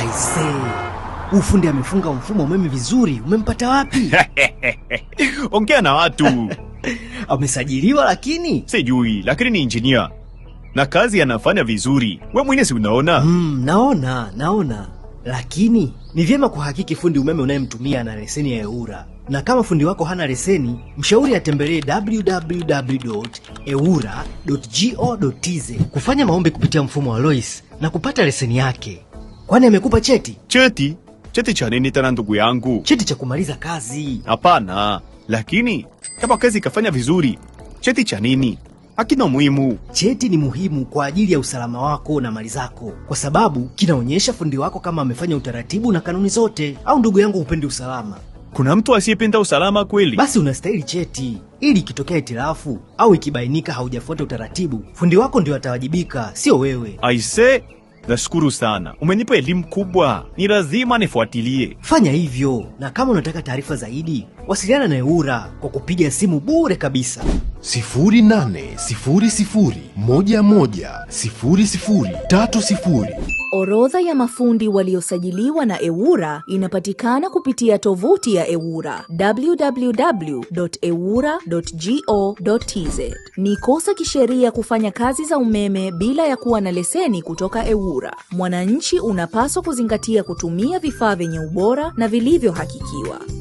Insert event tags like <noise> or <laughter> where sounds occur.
Aise, ufundi amefunga mfumo umeme vizuri. Umempata wapi? <laughs> Ongea na watu. <laughs> Amesajiliwa lakini sijui, lakini ni injinia na kazi anafanya vizuri. We mwine si unaona? Mm, naona naona, lakini ni vyema kuhakiki fundi umeme unayemtumia na leseni ya eura na kama fundi wako hana leseni, mshauri atembelee www.ewura.go.tz kufanya maombi kupitia mfumo wa LOIS na kupata leseni yake. Kwani amekupa cheti? Cheti? Cheti cha nini tena ndugu yangu? Cheti cha kumaliza kazi. Hapana, lakini kama kazi ikafanya vizuri, cheti cha nini? Hakina muhimu. Cheti ni muhimu kwa ajili ya usalama wako na mali zako, kwa sababu kinaonyesha fundi wako kama amefanya utaratibu na kanuni zote. Au ndugu yangu, hupendi usalama? Kuna mtu asiyependa usalama kweli? Basi unastahili cheti, ili ikitokea itirafu au ikibainika haujafuata utaratibu, fundi wako ndio atawajibika, sio wewe. Aise, Nashukuru sana, umenipa elimu kubwa, ni lazima nifuatilie. Fanya hivyo, na kama unataka taarifa zaidi, wasiliana na Eura kwa kupiga simu bure kabisa 0800 30. Orodha ya mafundi waliosajiliwa na EWURA inapatikana kupitia tovuti ya EWURA www.ewura.go.tz. Ni kosa kisheria kufanya kazi za umeme bila ya kuwa na leseni kutoka EWURA. Mwananchi unapaswa kuzingatia kutumia vifaa vyenye ubora na vilivyohakikiwa.